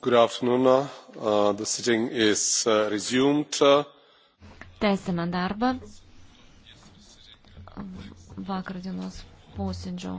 Good afternoon. Uh, uh, the sitting is uh, resumed. Uh. Tęsime darbą vakar dienos posėdžio